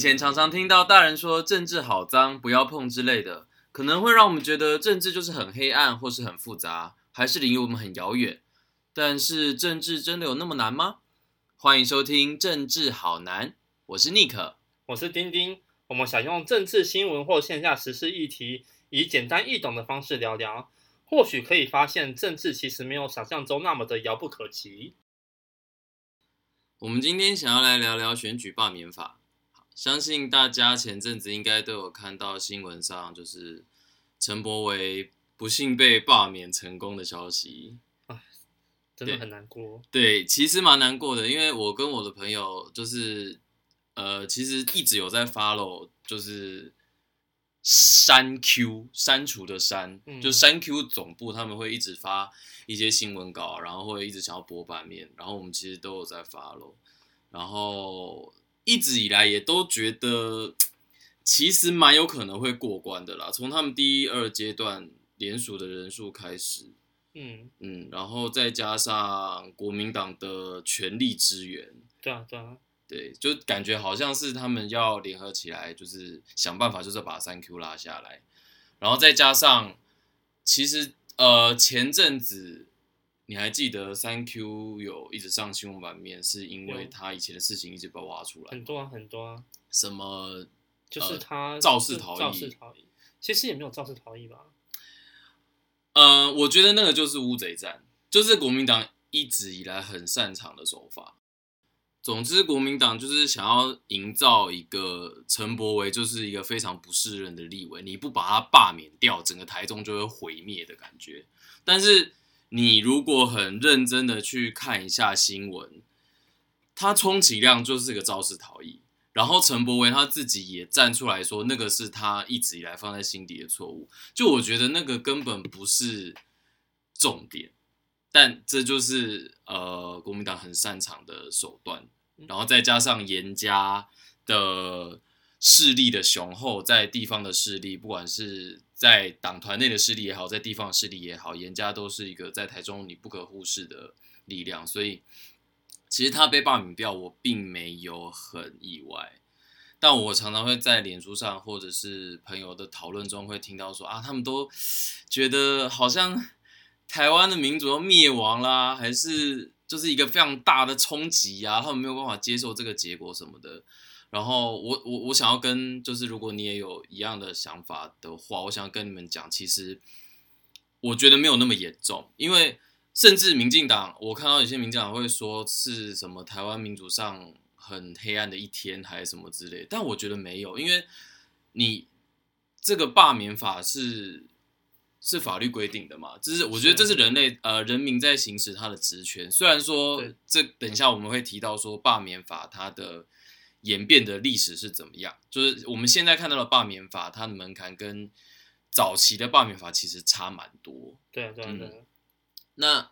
以前常常聽到大人說政治好髒，不要碰之類的，可能會讓我們覺得政治就是很黑暗，或是很複雜，還是離我們很遙遠。但是政治真的有那麼難嗎？歡迎收聽《政治好難》，我是妮可。我是丁丁。我們想用政治新聞或線下時事議題，以簡單易懂的方式聊聊，或許可以發現政治其實沒有想象中那麼的遙不可及。我們今天想要來聊聊選舉罷免法。相信大家前陣子應該都有看到新聞上，就是陳柏惟不幸被罷免成功的消息啊，真的很難過、哦對。對，其實蠻難過的，因為我跟我的朋友就是呃，其實一直有在 follow 就是刪 Q 刪除的刪，嗯、就刪 Q 總部他們會一直發一些新聞稿，然後會一直想要播版面，然後我們其實都有在 follow 然後。一直以來也都覺得，其實蠻有可能會過關的啦。從他們第一、二階段聯署的人數開始，嗯嗯，然後再加上國民黨的全力支援，對啊對啊，對，就感覺好像是他們要聯合起來，就是想辦法，就是把三 Q 拉下來。然後再加上，其實呃前陣子。你還記得三 Q 有一直上新聞版面，是因為他以前的事情一直被挖出來很多很多啊，多啊，什麼就是他肇事逃逸，肇事逃逸，其實也沒有肇事逃逸吧？嗯、呃，我覺得那個就是烏賊戰，就是國民黨一直以來很擅長的手法。總之，國民黨就是想要營造一個陳柏惟就是一個非常不是人的立委，你不把他罷免掉，整個台中就會毀滅的感覺。但是。你如果很認真的去看一下新聞，他充其量就是個肇事逃逸，然後陳柏惟他自己也站出來說，那個是他一直以來放在心底的錯誤，就我覺得那個根本不是重點，但這就是呃，國民黨很擅長的手段，然後再加上顏家的。勢力的雄厚，在地方的勢力，不管是在黨團內的勢力也好，在地方勢力也好，顏家都是一個在台中你不可忽視的力量。所以，其實他被罷免掉，我並沒有很意外。但我常常會在臉書上，或者是朋友的討論中，會聽到說啊，他們都覺得好像台灣的民族滅亡啦、啊，還是就是一個非常大的衝擊啊，他們沒有辦法接受這個結果什麼的。然後我我我想要跟就是如果你也有一樣的想法的話，我想跟你們講，其實我覺得沒有那麼嚴重，因為甚至民進黨，我看到有些民進黨會說是什麼台灣民主上很黑暗的一天，還是什麼之類，但我覺得沒有，因為你這個罷免法是是法律規定的嘛，就是我覺得這是人類是呃人民在行使他的職權，雖然說對這等一下我們會提到說罷免法它的。演變的歷史是怎麼樣？就是我們現在看到的罷免法，它的門檻跟早期的罷免法其實差蠻多。對對對、嗯。那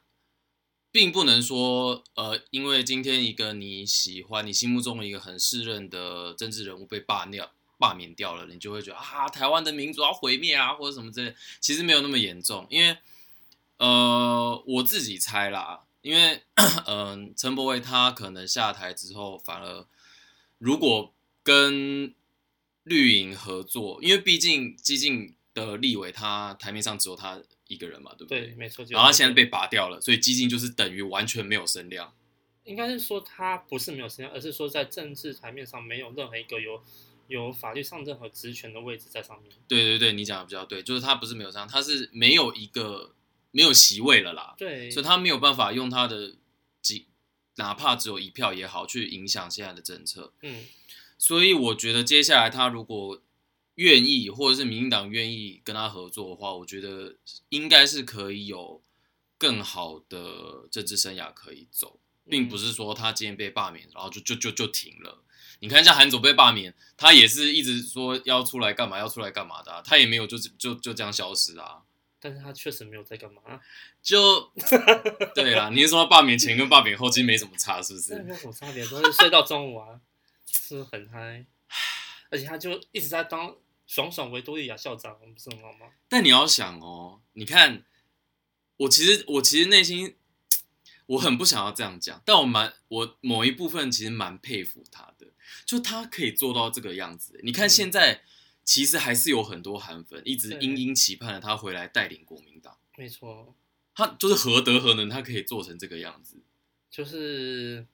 並不能說，呃，因為今天一個你喜歡、你心目中的一個很適任的政治人物被罷掉、罷免掉了，你就會覺得啊，台灣的民主要毀滅啊，或者什麼之類。其實沒有那麼嚴重，因為呃，我自己猜啦，因為嗯，陳、呃、柏惟他可能下台之後反而。如果跟綠營合作，因為畢竟基進的立委，他台面上只有他一個人嘛，對不對？對沒錯。就是、然後他現在被拔掉了，所以基進就是等於完全沒有聲量。應該是說他不是沒有聲量，而是說在政治台面上沒有任何一個有有法律上任何職權的位置在上面。對對對，你講的比較對，就是他不是沒有聲量，他是沒有一個沒有席位了啦。對。所以他沒有辦法用他的。哪怕只有一票也好，去影響現在的政策。嗯，所以我覺得接下來他如果願意，或者是民進黨願意跟他合作的話，我覺得應該是可以有更好的政治生涯可以走，並不是說他今天被罷免，然後就就就就就停了。你看一下韓總被罷免，他也是一直說要出來幹嘛，要出來幹嘛的啊，他也沒有就就就這樣消失啊。但是他確實沒有在幹嘛、啊，就對啊，你是說他罷免前跟罷免後期沒什麼差，是不是？沒什麼差別，都是睡到中午啊， 是不是很嗨，而且他就一直在當爽爽維多利亞校長，不是很好嗎？但你要想哦，你看，我其實我其實內心我很不想要這樣講，但我蠻我某一部分其實蠻佩服他的，就他可以做到這個樣子。你看現在。嗯其實還是有很多韓粉一直殷殷期盼著他回來帶領國民黨。沒錯，他就是何德何能，他可以做成這個樣子。就是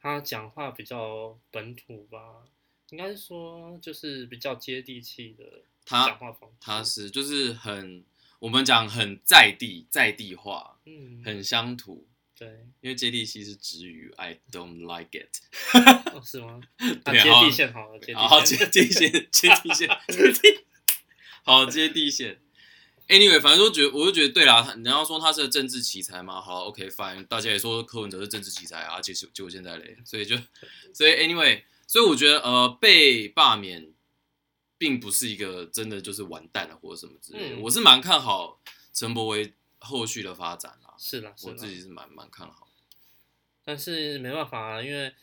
他講話比較本土吧，應該是說就是比較接地氣的講話方式。他，他是就是很我們講很在地在地化，嗯，很鄉土。對，因為接地氣是支語 I don't like it，哈、 哦，是嗎？對，接地線好了，好對接地線，接地線， 接地線， 好，接地線。Anyway，反正我覺得，我就覺得對啦。你要說他是個政治奇才嘛，好，OK，fine、okay,。大家也說柯文哲是政治奇才啊，結果結果現在嘞，所以就，所以 Anyway，所以我覺得呃，被罷免並不是一個真的就是完蛋了或者什麼之類的。嗯、我是蠻看好陳柏惟後續的發展啦。是的，我自己是蠻蠻啦看好的，但是沒辦法啊，因為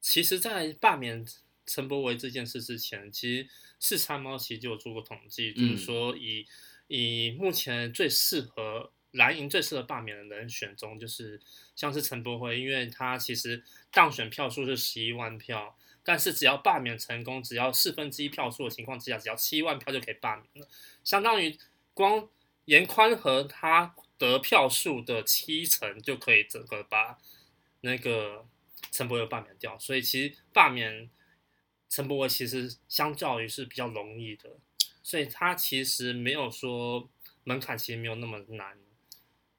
其實，在罷免陳柏惟這件事之前，其實四叉貓其實就有做過統計，就是說以、嗯、以目前最適合藍營、最適合罷免的人選中，就是像是陳柏惟，因為他其實當選票數是十一萬票，但是只要罷免成功，只要四分之一票數的情況之下，只要七萬票就可以罷免了，相當於光顏寬和他，得票數的七成就可以整個把那個陳柏惟罷免掉，所以其實罷免陳柏惟其實相較於是比較容易的，所以他其實沒有說門檻，其實沒有那麼難，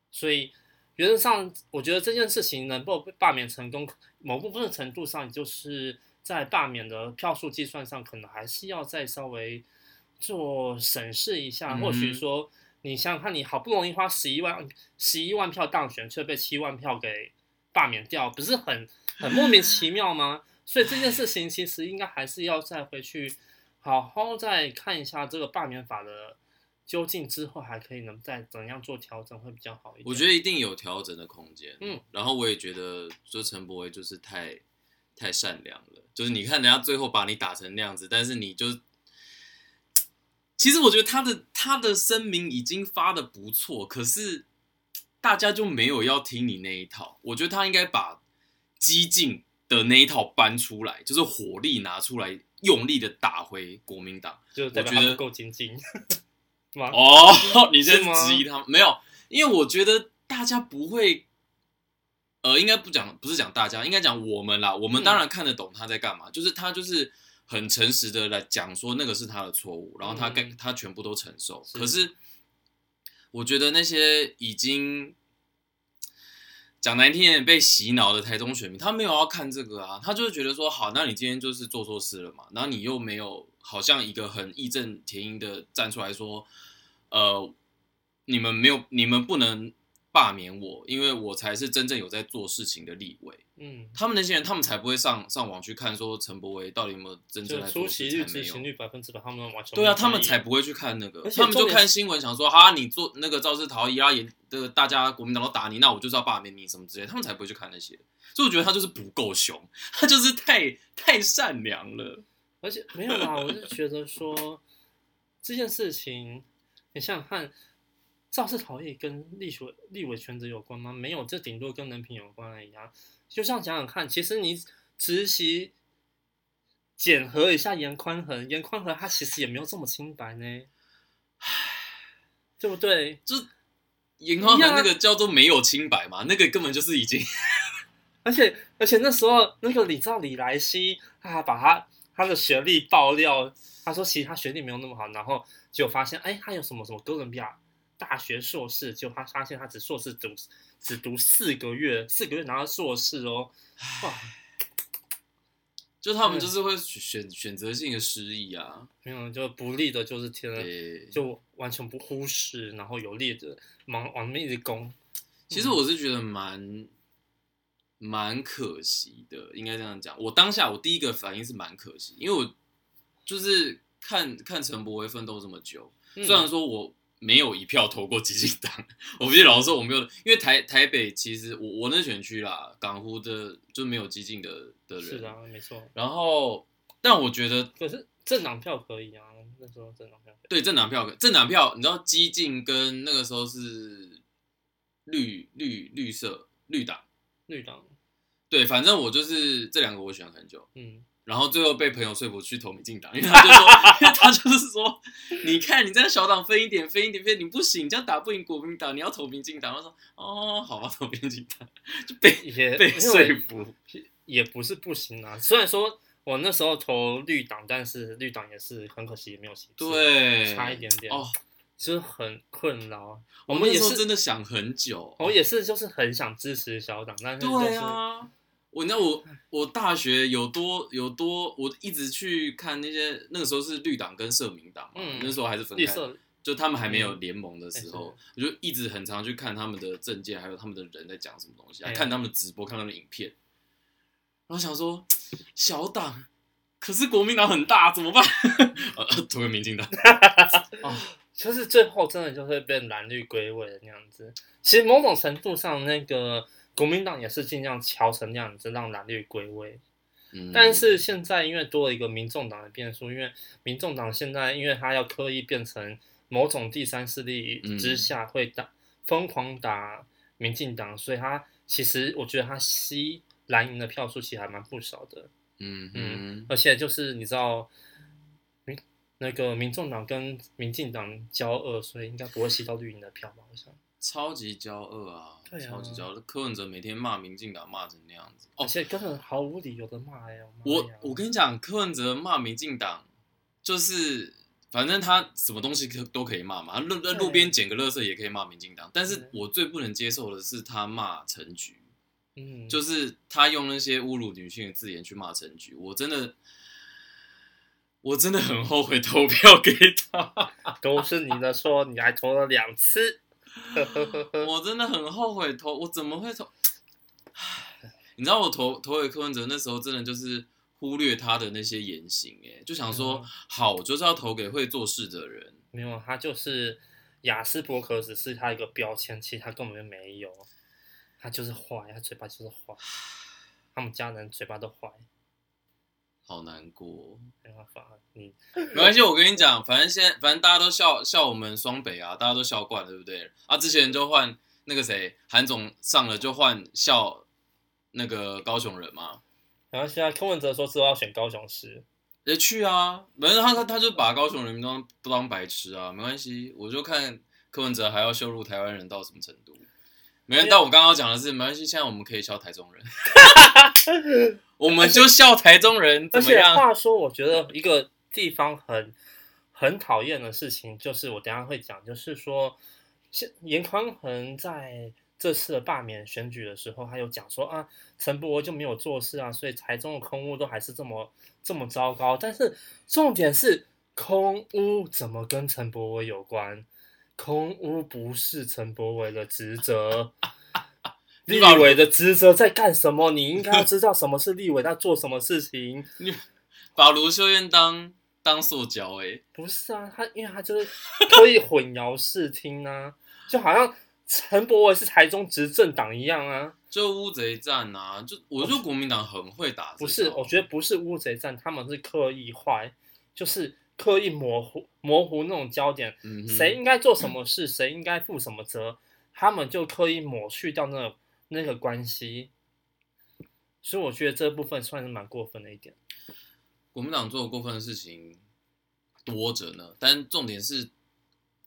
所以原則上我覺得這件事情能夠被罷免成功，某部分程度上就是在罷免的票數計算上，可能還是要再稍微做審視一下，嗯、或許說。你想想看，你好不容易花十一萬、十一萬票當選，卻被七萬票給罷免掉，不是很很莫名其妙嗎？ 所以這件事情其實應該還是要再回去好好再看一下這個罷免法的究竟，之後還可以能再怎樣做調整會比較好一點。我覺得一定有調整的空間。嗯，然後我也覺得，說陳柏惟就是太太善良了，就是你看人家最後把你打成那樣子，但是你就。其實我覺得他的他的聲明已經發的不錯，可是大家就沒有要聽你那一套。我覺得他應該把激進的那一套搬出來，就是火力拿出來，用力的打回國民黨。就不我覺得夠激進。哦，你在質疑他嗎？沒有，因為我覺得大家不會，呃，應該不講，不是講大家，應該講我們啦。我們當然看得懂他在幹嘛，嗯，就是他就是。很誠實的來講，說那個是他的錯誤，然後他跟他全部都承受。嗯、是。可是，我覺得那些已經講難聽點被洗腦的台中選民，他沒有要看這個啊，他就是覺得說好，那你今天就是做錯事了嘛，然後你又沒有好像一個很義正填膺的站出來說，呃，你們沒有，你們不能。罷免我，因為我才是真正有在做事情的立委。嗯，他們那些人，他們才不會上上網去看說陳柏惟到底有沒有真正在做事情，沒有。出席率，百分之百，他們完全對啊，他們才不會去看那個，他們就看新聞，想說啊，你做那個肇事逃逸啊，演的，這個，大家國民黨都打你，那我就知道罷免你什麼之類，他們才不會去看那些。所以我覺得他就是不夠兇，他就是太太善良了。嗯，而且沒有啊，我就覺得說 這件事情，很像想看。肇事逃逸跟立所立委全責有關嗎？沒有，這頂多跟人品有關而已啊。就像想想看，其實你仔細檢核一下顏寬恆顏寬恆，他其實也沒有這麼清白呢，唉，對不對？就是顏寬恆那個叫做沒有清白嘛，や那個根本就是已經 。而且而且那時候那個李照李來希他還把他他的學歷爆料，他說其實他學歷沒有那麼好，然後就發現哎、欸，他有什麼什麼哥倫比亞。大學碩士，結果他發現他只碩士讀只讀四個月，四個月拿到碩士哦。就他們就是會選對選擇性的失憶啊，沒有就不利的，就是天、欸、就完全不忽視，然後有利的忙往那邊攻。其實我是覺得蠻蠻、嗯、可惜的，應該這樣講。我當下我第一個反應是蠻可惜，因為我就是看看陳柏惟奮鬥這麼久，嗯、雖然說我。沒有一票投過激進黨，我不記得老實說我沒有，因為台台北其實我我那選區啦，港湖的就沒有激進的的人。是啊，沒錯。然後，但我覺得可是政黨票可以啊，那時候政黨,黨票。對，政黨票，政黨票，你知道激進跟那個時候是綠綠綠色綠黨，綠黨。綠黨對，反正我就是這兩個我選很久。嗯。然後最後被朋友說服去投民進黨，因為他就說， 因為他就是說， 你看你這樣小黨分一點，分一點，分你不行，這樣打不贏國民黨，你要投民進黨。他說，哦，好啊，投民進黨，就被也被說服也，也不是不行啊。雖然說我那時候投綠黨，但是綠黨也是很可惜，也沒有贏，對，差一點點哦，就是很困擾。我們也是真的想很久，哦，我也是就是很想支持小黨，但是、就是、對、啊你知道我那我我大學有多有多，我一直去看那些那個時候是綠黨跟社民黨嘛，嗯、那時候還是分開，就他們還沒有聯盟的時候，我、嗯欸、就一直很常去看他們的政見，還有他們的人在講什麼東西，還看他們直播，看他們影片。哎、呀然後想說小黨，可是國民黨很大，怎麼辦？呃、 啊啊，投給民進黨。 啊、就是最後真的就是被藍綠歸位的那樣子。其實某種程度上那個。國民黨也是盡量調成那樣，讓藍綠歸位。嗯、但是現在因為多了一個民眾黨的變數，因為民眾黨現在因為他要刻意變成某種第三勢力之下，嗯、會打瘋狂打民進黨，所以他其實我覺得他吸藍營的票數其實還蠻不少的。嗯哼嗯，而且就是你知道那個民眾黨跟民進黨交惡，所以應該不會吸到綠營的票嘛？好像。超級驕傲啊！對啊，超級驕傲。柯文哲每天罵民進黨罵成那樣子，而且根本毫無理由的罵、哎、我呀！我我跟你講，柯文哲罵民進黨就是反正他什麼東西可都可以罵嘛，他路在對路邊撿個垃圾也可以罵民進黨。但是我最不能接受的是他罵陳菊，嗯對，就是他用那些侮辱女性的字眼去罵陳菊，我真的，我真的很後悔投票給他。都是你的錯， 你還投了兩次。 我真的很後悔投，我怎麼會投？你知道我投投給柯文哲那時候，真的就是忽略他的那些言行，誒，就想說好，就是要投給會做事的人。沒有，他就是亞斯伯格只是他一個標籤，其實他根本就沒有，他就是壞，他嘴巴就是壞，嗯、他們家人嘴巴都壞。好難過，嗯，沒關係，我跟你講，反正現在反正大家都笑笑我們雙北啊，大家都笑慣了，對不對？啊，之前就換那個誰韓總上了就換笑那個高雄人嘛，然後、啊、現在柯文哲說知道要選高雄市，也去啊，反正他他他就把高雄人民都當，當白痴啊，沒關係，我就看柯文哲還要羞辱台灣人到什麼程度。沒關到，但我剛剛講的是為沒關係，現在我們可以笑台中人， 我們就笑台中人。而且話說，我覺得一個地方很很討厭的事情，就是我等下會講，就是說，顏寬恆在這次的罷免選舉的時候，他有講說啊，陳柏惟就沒有做事啊，所以台中的空屋都還是這麼這麼糟糕。但是重點是，空屋怎麼跟陳柏惟有關？空屋不是陳柏惟的職責，立委的職責在幹什麼？你應該要知道什麼是立委，他做什麼事情。你把盧秀燕當當塑膠哎？不是啊，他因為他就是刻意混淆視聽啊，就好像陳柏惟是台中執政黨一樣啊。就烏賊戰吶，就我覺得國民黨很會打。不是，我覺得不是烏賊戰，他們是刻意壞，就是。刻意模糊模糊那種焦點，誰、嗯、哼應該做什麼事，誰應該負什麼責，他們就刻意抹去掉那個、那個關係。所以我覺得這部分算是蠻過分的一點。國民黨做的過分的事情多着呢，但重點是，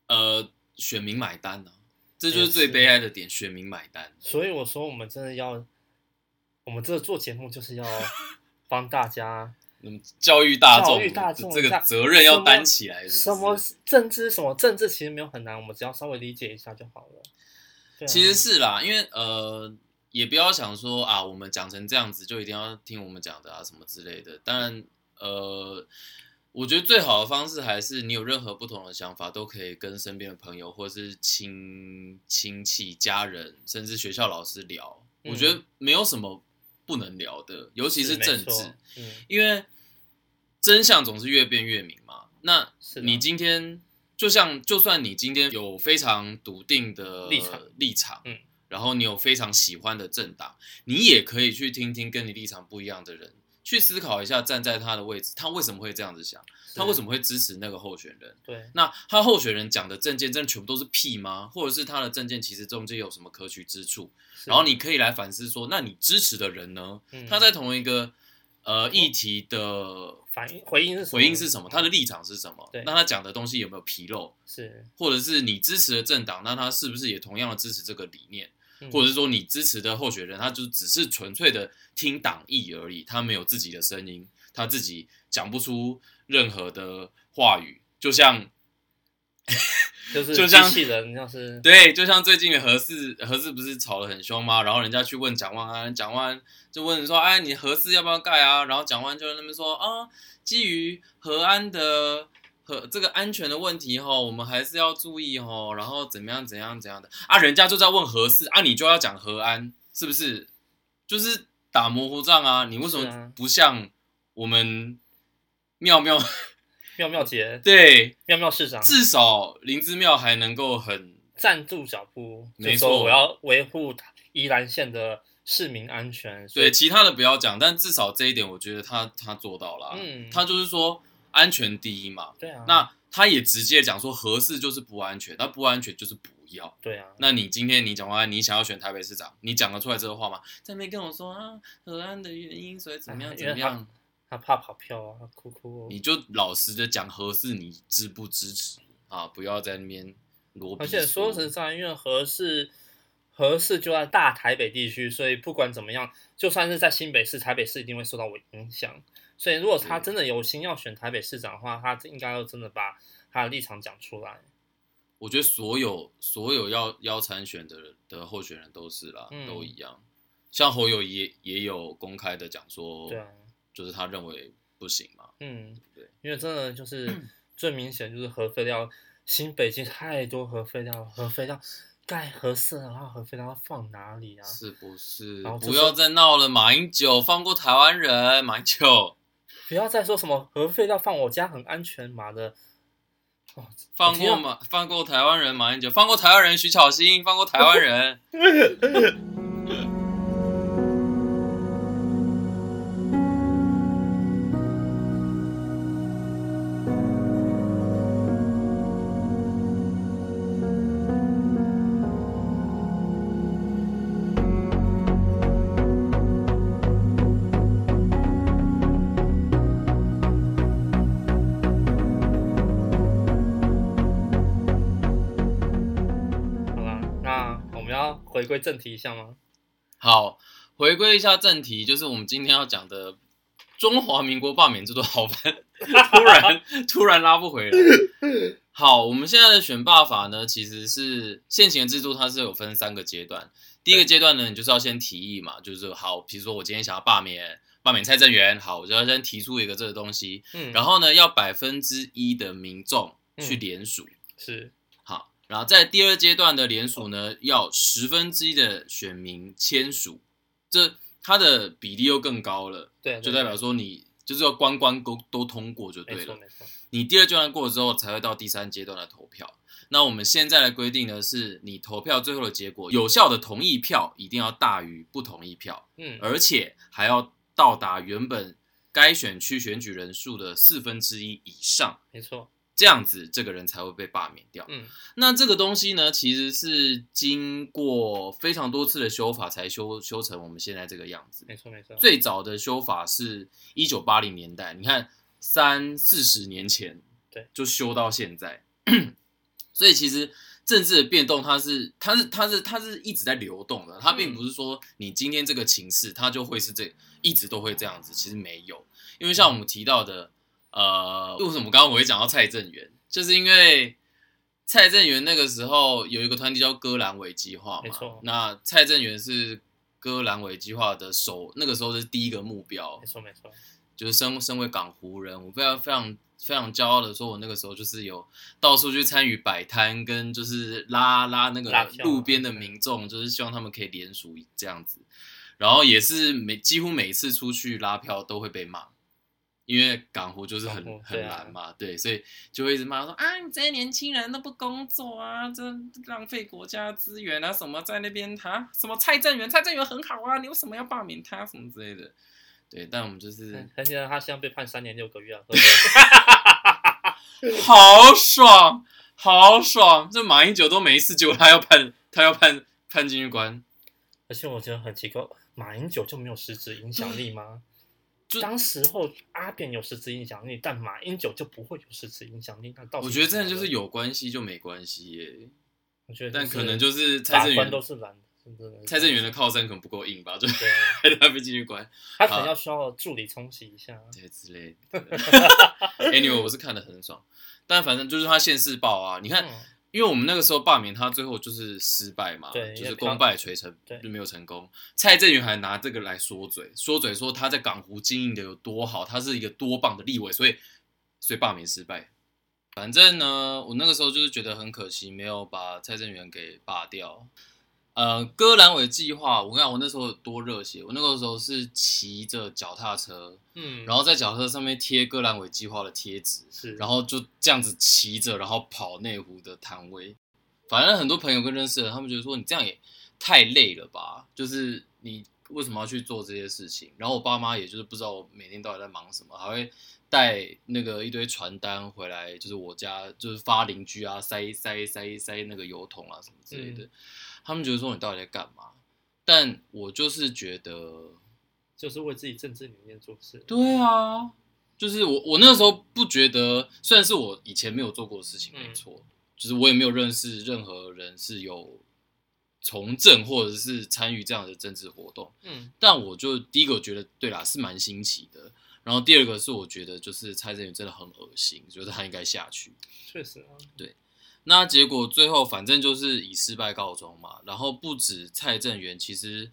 呃，選民買單呢、啊，這就是最悲哀的點，嗯、是的選民買單。所以我說，我們真的要，我們這做節目就是要幫大家。 教育大眾，這個責任要擔起來是不是？什麼政治？什麼政治？其實沒有很難，我們只要稍微理解一下就好了。對啊。其實是啦，因為呃，也不要想說啊，我們講成這樣子就一定要聽我們講的啊，什麼之類的。當然，呃，我覺得最好的方式還是，你有任何不同的想法，都可以跟身邊的朋友，或者是親親戚、家人，甚至學校老師聊。嗯。我覺得沒有什麼。不能聊的，尤其是政治，嗯、因為真相總是越辯越明嘛。那你今天，嗎就像就算你今天有非常篤定的立場，立場嗯、然後你有非常喜歡的政黨，你也可以去聽聽跟你立場不一樣的人。去思考一下，站在他的位置，他為什麼會這樣子想？是他為什麼會支持那個候選人？對，那他候選人講的政見真的全部都是屁嗎？或者是他的政見其實中間有什麼可取之處？是然後你可以來反思說，那你支持的人呢？嗯、他在同一個呃、哦、議題的回應反應、回應是回應是什麼？他的立場是什麼？對那他講的東西有沒有紕漏？是，或者是你支持的政黨，那他是不是也同樣的支持這個理念？或者是說你支持的候選人，他就只是純粹的聽黨意而已，他沒有自己的聲音，他自己講不出任何的話語，就像，就是就像就是 對，就像最近的核四核四不是吵得很凶嗎？然後人家去問蔣萬安，蔣萬安就問你說，哎，你核四要不要蓋啊？然後蔣萬安就在那邊說，啊、嗯，基於核安的。這個安全的問題哈、哦，我們還是要注意哈、哦。然後怎麼樣，怎樣，怎樣的啊？人家就在問核四啊，你就要講核安是不是？就是打模糊仗啊？你為什麼不像我們妙妙妙妙姐？對，妙妙市長至少林姿妙還能夠很站住腳步。沒錯，我要維護宜蘭縣的市民安全。對，其他的不要講，但至少這一點，我覺得他他做到了。嗯，他就是說。安全第一嘛，對啊。那他也直接講說，核四就是不安全，那不安全就是不要。對啊。那你今天你講完，你想要選台北市長，你講得出來這個話嗎？在那邊跟我說啊，核安的原因，所以怎麼樣、啊、怎麼樣他？他怕跑票啊，他哭哭、哦。你就老實的講，核四你支不支持啊？不要在那邊羅而且說實在，因為核四核四就在大台北地區，所以不管怎麼樣，就算是在新北市、台北市，一定會受到我影響。所以，如果他真的有心要選台北市長的話，對他應該要真的把他的立場講出來。我覺得所有所有要要參選的的候選人都是啦，嗯、都一樣。像侯友宜也有公開的講說，對，就是他認為不行嘛。嗯，對，對，因為真的就是最明顯就是核廢料， 新北京太多核廢料，核廢料蓋核四的話，核廢料要放哪裡啊？是不是？就是、不要再鬧了，馬英九放過台灣人，馬英九。不要再說什麼核廢料放我家很安全嘛的，哦、放過馬，哎啊、放過台灣人馬英九，放過台灣人徐巧芯，放過台灣人。 回歸正題一下嗎？好，回歸一下正題，就是我們今天要講的中華民國罷免制度。好煩，突然 突然拉不回來。好，我們現在的選罷法呢，其實是現行的制度，它是有分三個階段。第一個階段呢，對你就是要先提議嘛，就是好，比如說我今天想要罷免罷免蔡正元，好，我就要先提出一個這個東西，嗯，然後呢，要百分之一的民眾去聯署、嗯，是。然後在第二階段的連署呢，哦、要十分之一的選民簽署，這它的比例又更高了，對，對，就代表說你就是要關關都都通過就對了，沒錯沒錯。你第二階段過了之後，才會到第三階段來投票。那我們現在的規定呢，是你投票最後的結果有效的同意票一定要大於不同意票，嗯，而且還要到達原本該選區選舉人數的四分之一以上，沒錯。這樣子，這個人才會被罷免掉。嗯，那這個東西呢，其實是經過非常多次的修法才修修成我們現在這個樣子。沒錯，沒錯。最早的修法是一九八零年代，你看三四十年前，對，就修到現在。 所以其實政治的變動它是，它是它是它是它是一直在流動的，它並不是說你今天這個情勢，它就會是這一直都會這樣子。其實沒有，因為像我們提到的。嗯呃，為什麼剛剛我會講到蔡正元？就是因為蔡正元那個時候有一個團體叫“割闌尾計劃”嘛。沒錯，那蔡正元是“割闌尾計劃”的首，那個時候是第一個目標。沒錯沒錯，沒錯，就是身身為港湖人，我非常非常非常驕傲的說，我那個時候就是有到處去參與擺攤，跟就是拉拉那個路邊的民眾，啊、就是希望他們可以聯署這樣子。然後也是每幾乎每次出去拉票都會被罵。因為港湖就是很湖很難嘛，對，啊、對，所以就會一直罵說啊，你這些年輕人都不工作啊，這浪費國家資源啊，什麼在那邊啊，什麼蔡正元，蔡正元很好啊，你為什麼要罷免他什麼之類的，對，但我們就是他現在他現在被判三年六個月啊， 好爽，好爽，這馬英九都沒事，次結果他要判他要判判進去關。而且我覺得很奇怪，馬英九就沒有實質影響力嗎？就當時候阿扁有實質影響力，但馬英九就不會有實質影響力。那到底我覺得這樣就是有關係就沒關係耶、欸？我覺得、就是，但可能就是蔡正元是是蔡正元的靠山可能不夠硬吧，就台北經濟館，對關他可能要需要助理沖洗一下啊，對之類的。 anyway，我是看得很爽，但反正就是他現世報啊，你看。嗯因為我們那個時候罷免他，最後就是失敗嘛，對就是功敗垂成，對就沒有成功。對蔡正元還拿這個來說嘴，說嘴說他在港湖經營的有多好，他是一個多棒的立委，所以所以罷免失敗。反正呢，我那個時候就是覺得很可惜，沒有把蔡正元給罷掉。呃，割闌尾計劃，我跟你講，我那時候有多熱血。我那個時候是騎着腳踏車，嗯，然後在腳踏車上面貼割闌尾計劃的貼紙，是，然後就這樣子騎着，然後跑內湖的攤位。反正很多朋友跟認識的，他們覺得說你這樣也太累了吧？就是你為什麼要去做這些事情？然後我爸媽也就是不知道我每天到底在忙什麼，還會帶那個一堆傳單回來，就是我家就是發鄰居啊，塞塞塞塞，塞那個郵筒啊什麼之類的。嗯他們覺得說你到底在幹嘛？但我就是覺得，就是為自己政治理念做事。對啊,就是我我那時候不覺得，雖然是我以前沒有做過的事情，沒錯，嗯、就是我也沒有認識任何人是有從政或者是參與這樣的政治活動。嗯，但我就第一個覺得對啦，是蠻新奇的。然後第二個是我覺得就是蔡振宇真的很惡心，覺得他應該下去。確實啊，對。那結果最後反正就是以失敗告終嘛，然後不止蔡正元，其實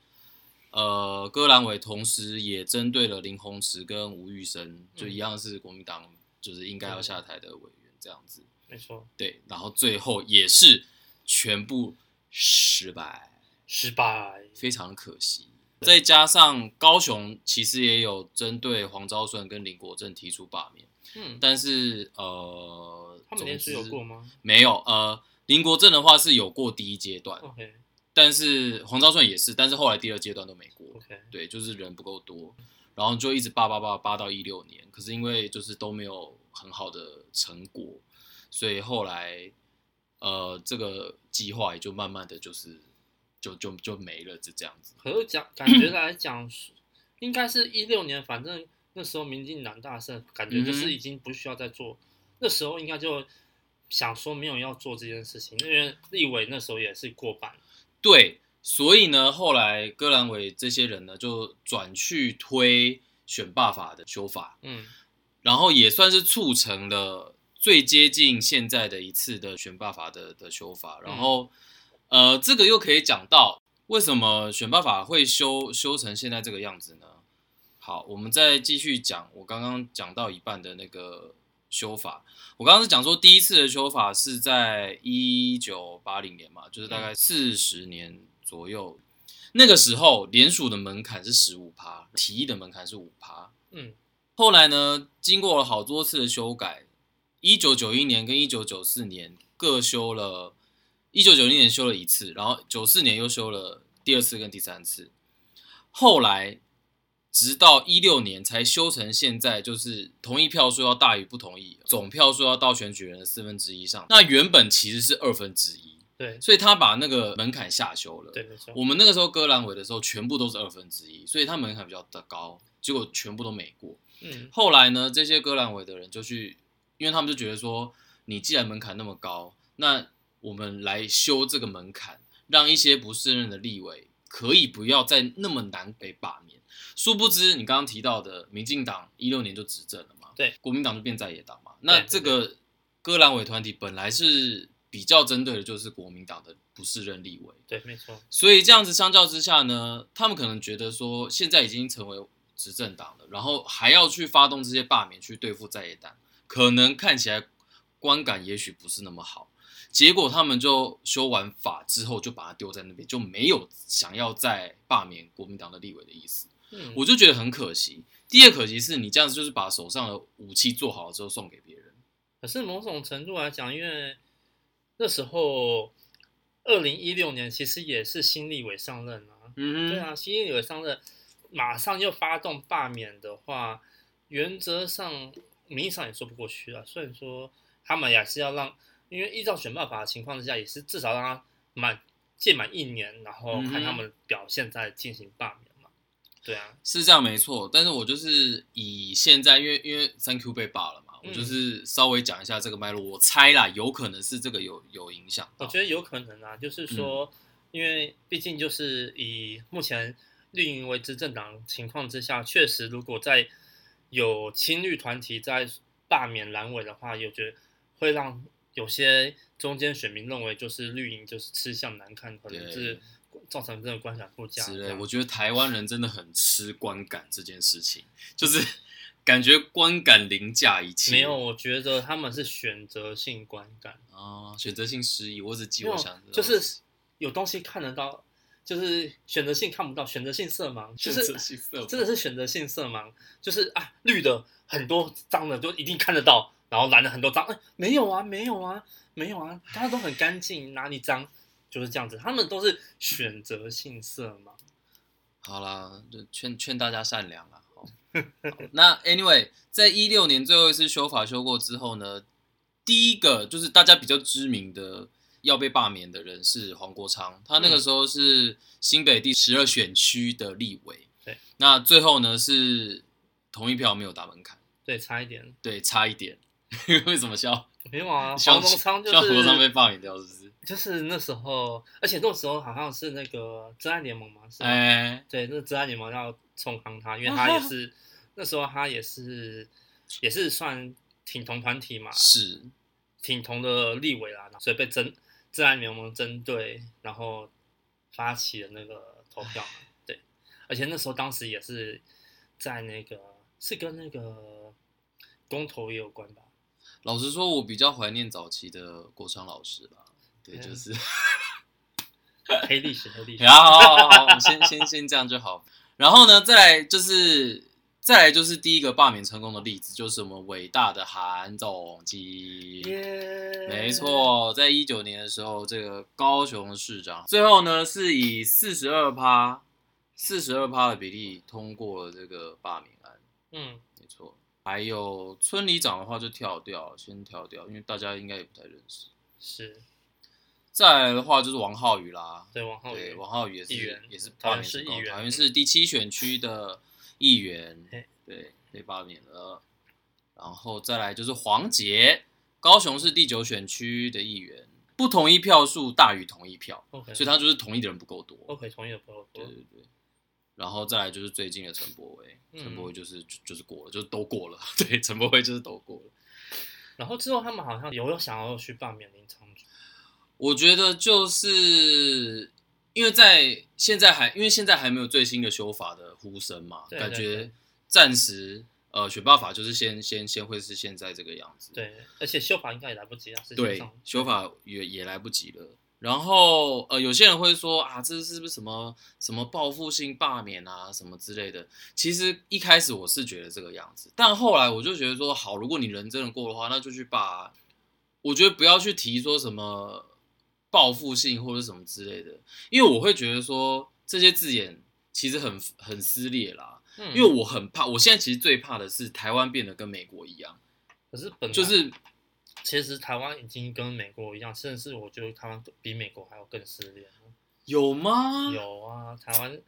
呃，割闌尾同時也針對了林鴻池跟吳育昇，嗯、就一樣是國民黨就是應該要下台的委員，嗯、這樣子，沒錯，對，然後最後也是全部失敗，失敗，非常可惜。對再加上高雄其實也有針對黃昭順跟林國正提出罷免，嗯，但是呃。他們連續有過嗎？沒有。呃，林國正的話是有過第一階段，Okay. 但是黃昭順也是，但是後來第二階段都沒過。Okay. 對，就是人不夠多，然後就一直扒扒扒扒到一六年。可是因為就是都沒有很好的成果，所以後來呃，這個計劃也就慢慢的、就是，就是就就就沒了，就這樣子。可是講感覺來講， 應該是一六年，反正那時候民進黨大勝，感覺就是已經不需要再做。這時候應該就想說沒有要做這件事情，因為立委那時候也是過半。對，所以呢，後來割闌尾這些人呢就轉去推選罷法的修法，嗯，然後也算是促成了最接近現在的一次的選罷法的的修法。然後，嗯、呃，這個又可以講到為什麼選罷法會修修成現在這個樣子呢？好，我們再繼續講我剛剛講到一半的那個。修法，我剛剛是講說，第一次的修法是在一九八零年嘛，就是大概四十年左右。嗯、那個時候，聯署的門檻是十五趴，提議的門檻是五趴。嗯，後來呢，經過了好多次的修改，一九九一年跟一九九四年各修了，一九九一年修了一次，然後九四年又修了第二次跟第三次。後來。直到一六年才修成，現在就是同意票數要大於不同意總票數要到選舉人的四分之一上。那原本其實是二分之一，對，所以他把那個門檻下修了。對，沒錯，我們那個時候割闌尾的時候，全部都是二分之一，所以他門檻比較的高，結果全部都沒過。嗯，後來呢，這些割闌尾的人就去，因為他們就覺得說，你既然門檻那麼高，那我們來修這個門檻，讓一些不適任的立委可以不要再那麼難被罷免。殊不知，你剛剛提到的民進黨一六年就執政了嘛？對，國民黨就變在野黨嘛。對，那這個割闌尾團體本來是比較針對的，就是國民黨的不是任立委，對，沒錯。所以這樣子相較之下呢，他們可能覺得說，現在已經成為執政黨了，然後還要去發動這些罷免去對付在野黨，可能看起來觀感也許不是那麼好。結果他們就修完法之後，就把它丟在那邊，就沒有想要再罷免國民黨的立委的意思。我就覺得很可惜。第二可惜是你這樣子就是把手上的武器做好了之後送給別人。可是某種程度來講，因為那時候二零一六年其實也是新立委上任啊。對啊、嗯嗯，新立委上任，馬上又發動罷免的話，原則上名義上也說不過去了。所以說他們也是要讓，因為依照選罷法的情況之下，也是至少讓他滿屆滿一年，然後看他們表現再進行罷免。嗯對啊，是這樣沒錯，但是我就是以現在，因為因為三 Q 被罷了嘛，嗯、我就是稍微講一下這個脈絡。我猜啦，有可能是這個有有影響。我覺得有可能啊，就是說，嗯、因為畢竟就是以目前綠營為執政黨情況之下，確實如果在有親綠團體在罷免藍委的話，有覺得會讓有些中間選民認為就是綠營就是吃相難看，可能、就是。造成真的觀感不佳之類，的樣我覺得台灣人真的很吃觀感這件事情，嗯、就是感覺觀感凌駕一切。沒有，我覺得他們是選擇性觀感。哦，選擇性失憶，我只記我想的，就是有東西看得到，就是選擇性看不到，選擇性色盲，就是真的是選擇性色盲，就是啊，綠的很多髒的都一定看得到，然後藍的很多髒，哎，沒有啊，沒有啊，沒有啊，大家都很乾淨， 哪裡髒？就是這樣子，他們都是選擇性色盲。好了，就勸勸大家善良了、啊。好， 好那 anyway，在一六年最後一次修法修過之後呢，第一個就是大家比較知名的要被罷免的人是黃國昌，他那個時候是新北第十二選區的立委。對，那最後呢是同一票沒有打門檻。對，差一點。對，差一點。 為什麼笑？沒有啊，要黃國昌、就是、國昌就昌被罷免掉，是不是？就是那時候，而且那時候好像是那個真愛聯盟嘛，是吧、啊？欸、對，那真愛聯盟要衝康他，因為他也是、啊、哈那時候他也是也是算挺同團體嘛，是挺同的立委啦，然所以被真真愛聯盟針對，然後發起的那個投票嘛，對。而且那時候當時也是在那個是跟那個公投也有關吧？老實說，我比較懷念早期的國昌老師吧。對，就是、嗯、 黑歷史，黑歷史。然後，好，好，好，我們先，先，先這樣就好。然後呢，再來就是，再來就是第一個罷免成功的例子，就是我們偉大的韓總機。Yeah. 沒錯，在一九年的時候，這個高雄市長最後呢，是以四十二趴，四十二趴的比例通過了這個罷免案。嗯，沒錯。還有村里長的話就跳掉，先跳掉，因為大家應該也不太認識。是。再來的話就是王浩宇啦，對王浩宇，王浩宇也是議員，也是罷免成功台灣是第七選區的議員，嗯、對被罷免了。然後再來就是黃捷，嗯、高雄是第九選區的議員，不同意票數大於同意票，Okay. 所以他就是同意的人不夠多。OK，同意的不夠多。對對對。然後再來就是最近的陳柏惟，陳柏惟就是、嗯、就，就是過了，就是都過了。對，陳柏惟就是都過了。然後之後他們好像有有想要有去罷免林昶佐。我覺得就是因為在現在還因為現在還沒有最新的修法的呼聲嘛，感覺暫時呃，選罷法就是先，先先先會是現在這個樣子。對，而且修法應該也來不及了。對，修法也也來不及了。然後呃，有些人會說啊，這是不是什麼什麼報復性罷免啊什麼之類的？其實一開始我是覺得這個樣子，但後來我就覺得說，好，如果你人真的過的話，那就去罷，我覺得不要去提說什麼。報復性或者什麼之類的，因為我會覺得說這些字眼其實很很撕裂啦。嗯，因為我很怕，我現在其實最怕的是台灣變得跟美國一樣。可是本就是，其實台灣已經跟美國一樣，甚至我覺得台灣比美國還要更撕裂。有嗎？有啊，台灣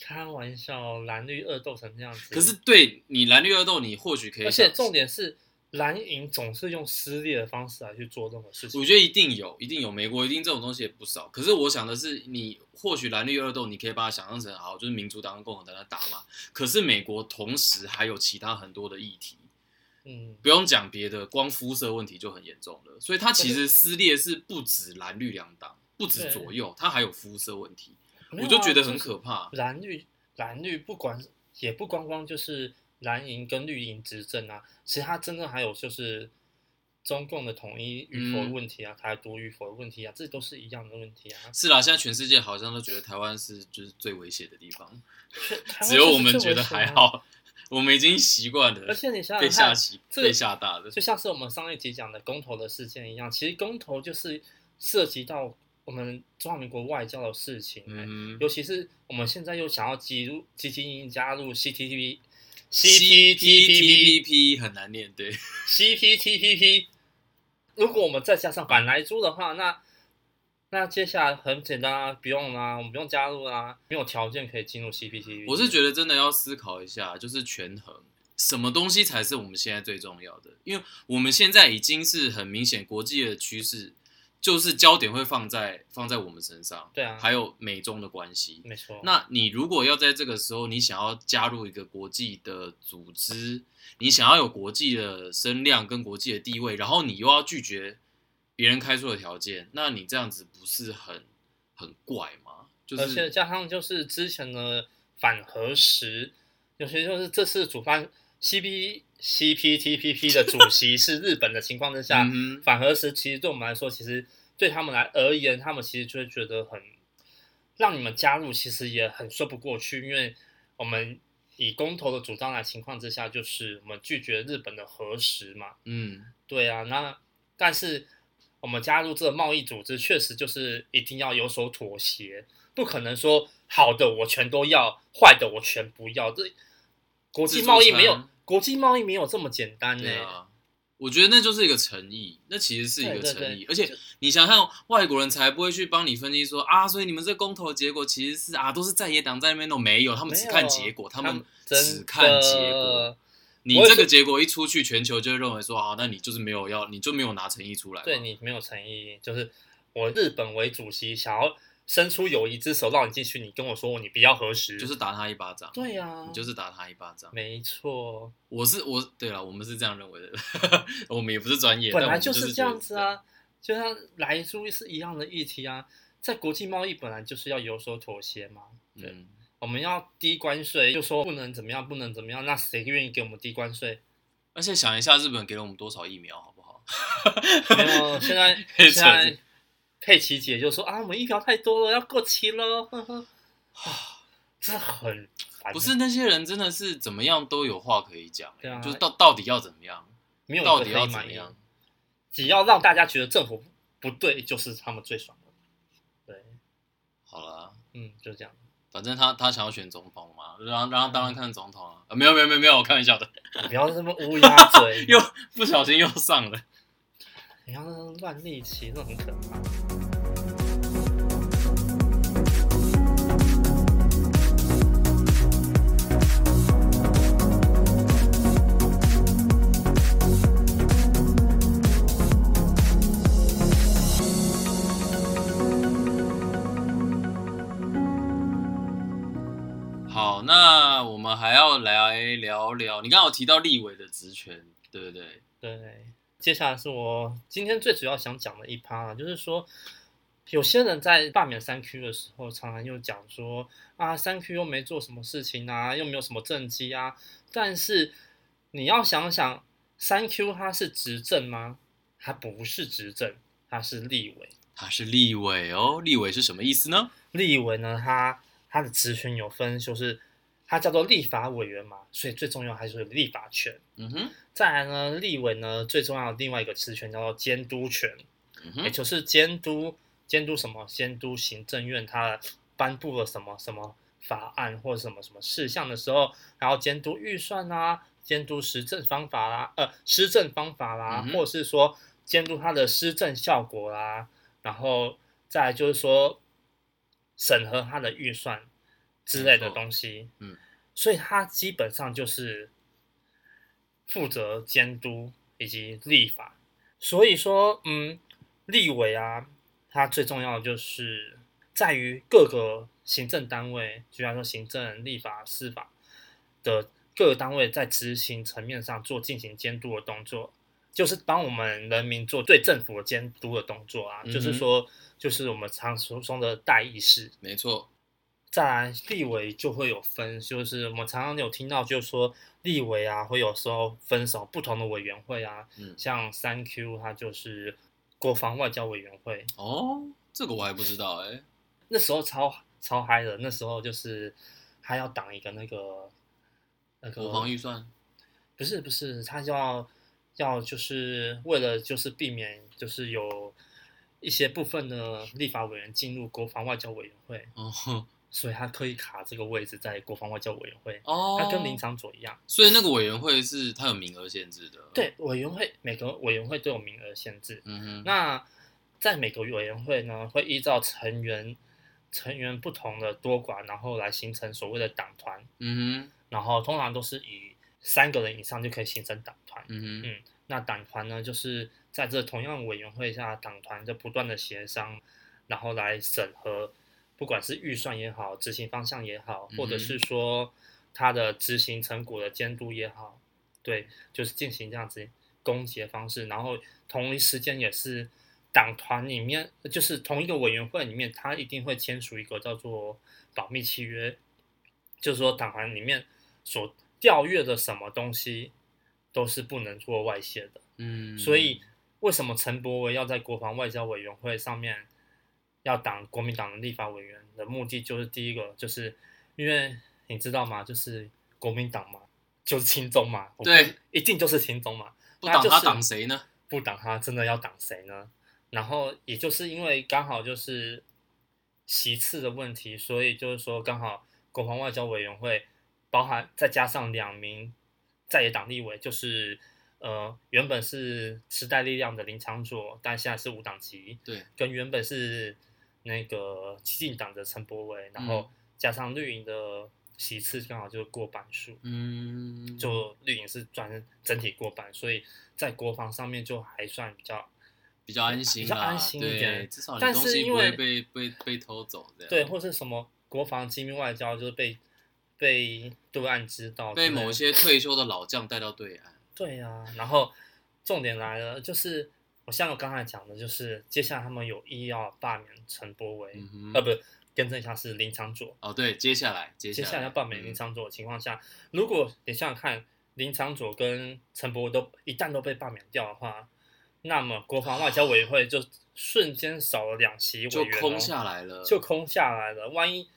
開玩笑，藍綠惡鬥成這樣子。可是對你藍綠惡鬥，你或許可以，而且重點是。藍營總是用撕裂的方式來去做這種事情，我覺得一定有，一定有美國，一定這種東西也不少。可是我想的是你，你或許藍綠惡鬥，你可以把它想象成好，就是民主黨跟共和黨在打嘛。可是美國同時還有其他很多的議題，嗯，不用講別的，光膚色問題就很嚴重了。所以它其實撕裂是不止藍綠兩黨，不止左右，對對對，它還有膚色問題，啊、我就覺得很可怕。藍綠藍綠不管也不光光就是。藍營跟綠營執政啊，其實它真的還有就是中共的統一與否的問題啊，台灣獨與否的問題啊，這都是一樣的問題啊。是啦，現在全世界好像都覺得台灣是就是最危險的地方，啊、只有我們覺得還好，我們已經習慣了。而且你想想被嚇大的、這個，就像是我們上一集講的公投的事件一樣，其實公投就是涉及到我們中華民國外交的事情、欸，嗯、尤其是我們現在又想要集入集加入、積極加入 CPTPP。CPTPP 很難念，對。CPTPP，如果我們再加上板萊豬的話，那那接下來很簡單啊，不用啦，我們不用加入啦，沒有條件可以進入 CPTPP。我是覺得真的要思考一下，就是權衡什麼東西才是我們現在最重要的，因為我們現在已經是很明顯國際的趨勢。就是焦點會放在放在我們身上，對啊，還有美中的關係，沒錯。那你如果要在這個時候，你想要加入一個國際的組織，你想要有國際的聲量跟國際的地位，然後你又要拒絕別人開出的條件，那你這樣子不是很很怪嗎？就是，而且加上就是之前的反核時，有些就是這次主辦 c b CPTPP 的主席是日本的情況之下， 嗯、哼反核食其實對我們來說，其實對他們來而言，他們其實就會覺得很讓你們加入，其實也很說不過去。因為我們以公投的主張來情況之下，就是我們拒絕日本的核食嘛。嗯，對啊。那但是我們加入這個貿易組織，確實就是一定要有所妥協，不可能說好的我全都要，壞的我全不要。這國際貿易沒有。國際貿易沒有這麼簡單呢、欸啊，我覺得那就是一個誠意，那其實是一個誠意。對對對，而且你想想，外國人才不會去幫你分析說就啊，所以你們這公投的結果其實是啊，都是在野黨在那邊都沒有，他們只看結果，他，他們只看結果。你這個結果一出去，全球就會認為說啊，那你就是沒有要，你就沒有拿誠意出來，對，你沒有誠意，就是我日本為主席想要。伸出友誼之手，讓你進去，你跟我說你比較合適，就是打他一巴掌。對呀、啊，你就是打他一巴掌。沒錯錯，我是我，對了，我們是這樣認為的， 我們也不是專業，本來就是這樣子啊，就，就像萊豬是一樣的議題啊，在國際貿易本來就是要有所妥協嘛。對，嗯、我們要低關稅，就說不能怎麼樣，不能怎麼樣，那誰願意給我們低關稅？而且想一下，日本給了我們多少疫苗，好不好？ 沒有，現在 嘿現在。佩奇姐就說：“啊，我們疫苗太多了，要過期了，哈哈，啊，這很……不是那些人，真的是怎麼樣都有話可以講，對啊，就是到到底要怎麼樣，到底要怎麼樣，要麼樣只要讓大家覺得政府不對，就是他們最爽的。”對，好了啦，嗯，就這樣，反正他他想要選總統嘛，然後然後當然看總統啊，沒有沒有沒有沒有，沒有沒有沒有我開玩笑的，不要這麼烏鴉嘴，又不小心又上了。你像那亂立旗，那種很可怕。好，那我們還要來聊聊，你剛剛有提到立委的職權，對不對？對。接下來是我今天最主要想講的一趴了、啊，就是說，有些人在罷免三 Q 的時候，常常又講說啊，三 Q 又沒做什麼事情啊，又沒有什麼政績啊。但是你要想想，三 Q 它是執政嗎？它不是執政，它是立委，它是立委哦。立委是什麼意思呢？立委呢，它它的職權有分，就是。他叫做立法委員嘛，所以最重要還是立法權。嗯哼，再來呢，立委呢最重要的另外一個職權叫做監督權，嗯、哼也就是監督監督什麼？監督行政院他頒布了什麼什麼法案或者什麼什麼事項的時候，然後監督預算啦、啊，監督施政方法啦、啊，呃，施政方法啦、啊，嗯、哼或者是說監督他的施政效果啦、啊，然後再來就是說審核他的預算之類的東西。嗯，嗯。所以它基本上就是負責監督以及立法。所以說，嗯，立委啊，它最重要的就是在於各個行政單位，就像說行政、立法、司法的各個單位在執行層面上做進行監督的動作，就是幫我們人民做對政府的監督的動作啊。就是說，就是我們常說中的代議士，沒錯。在立委就會有分，就是我們常常有聽到，就是說立委啊，會有時候分屬不同的委員會啊，嗯、像三 Q，他就是國防外交委員會哦，這個我還不知道哎、欸，那時候超超嗨的，那時候就是他要擋一個那個那個國防預算，不是不是，他要要就是為了就是避免就是有一些部分的立法委員進入國防外交委員會哦。所以他可以卡這個位置在國防外交委員會哦，oh, 他跟林昶佐一樣。所以那個委員會是它有名額限制的。對，委員會每個委員會都有名額限制。嗯哼。那在每個委員會呢，會依照成員成員不同的多寡，然後來形成所謂的黨團。嗯哼。然後通常都是以三個人以上就可以形成黨團。嗯哼。嗯那黨團呢，就是在這同樣委員會下，黨團在不斷的協商，然後來審核。不管是預算也好，執行方向也好，嗯、哼或者是說他的執行成果的監督也好，對，就是進行這樣子攻擊的方式。然後同一時間也是黨團裡面，就是同一個委員會裡面，他一定會簽署一個叫做保密契約，就是說黨團裡面所調閱的什麼東西都是不能做外泄的。嗯，所以為什麼陳柏惟要在國防外交委員會上面？要當國民黨的立法委員的目的，就是第一個，就是因為你知道嗎？就是國民黨嘛，就是輕鬆嘛，okay? 對，一定就是輕鬆嘛。不黨他黨誰呢？就是、不黨他真的要黨誰呢？然後也就是因為剛好就是席次的問題，所以就是說剛好國防外交委員會包含再加上兩名在野黨立委，就是呃原本是時代力量的林昶佐，但現在是無黨籍，對，跟原本是。那個基進黨的陳柏惟，然後加上綠營的席次剛好就是過半數，嗯，就綠營是轉整體過半，所以在國防上面就還算比較比較安心，比較安心一點，對，至少東西不會被被被，被偷走的，對，或是什麼國防機密外交就是被被對岸知道，被某些退休的老將帶到對岸，對啊，然後重點來了，就是。我像我剛才講的，就是接下來他們有意要罷免陳柏惟，呃、嗯哼，不，更正一下是林昶佐。哦，對，接下來，接下來,接下來要罷免林昶佐的情況下，嗯、如果你想想看，林昶佐跟陳柏惟都一旦都被罷免掉的話，那麼國防外交委員會就瞬間少了兩席委員，就空下來了，就空下來了。萬一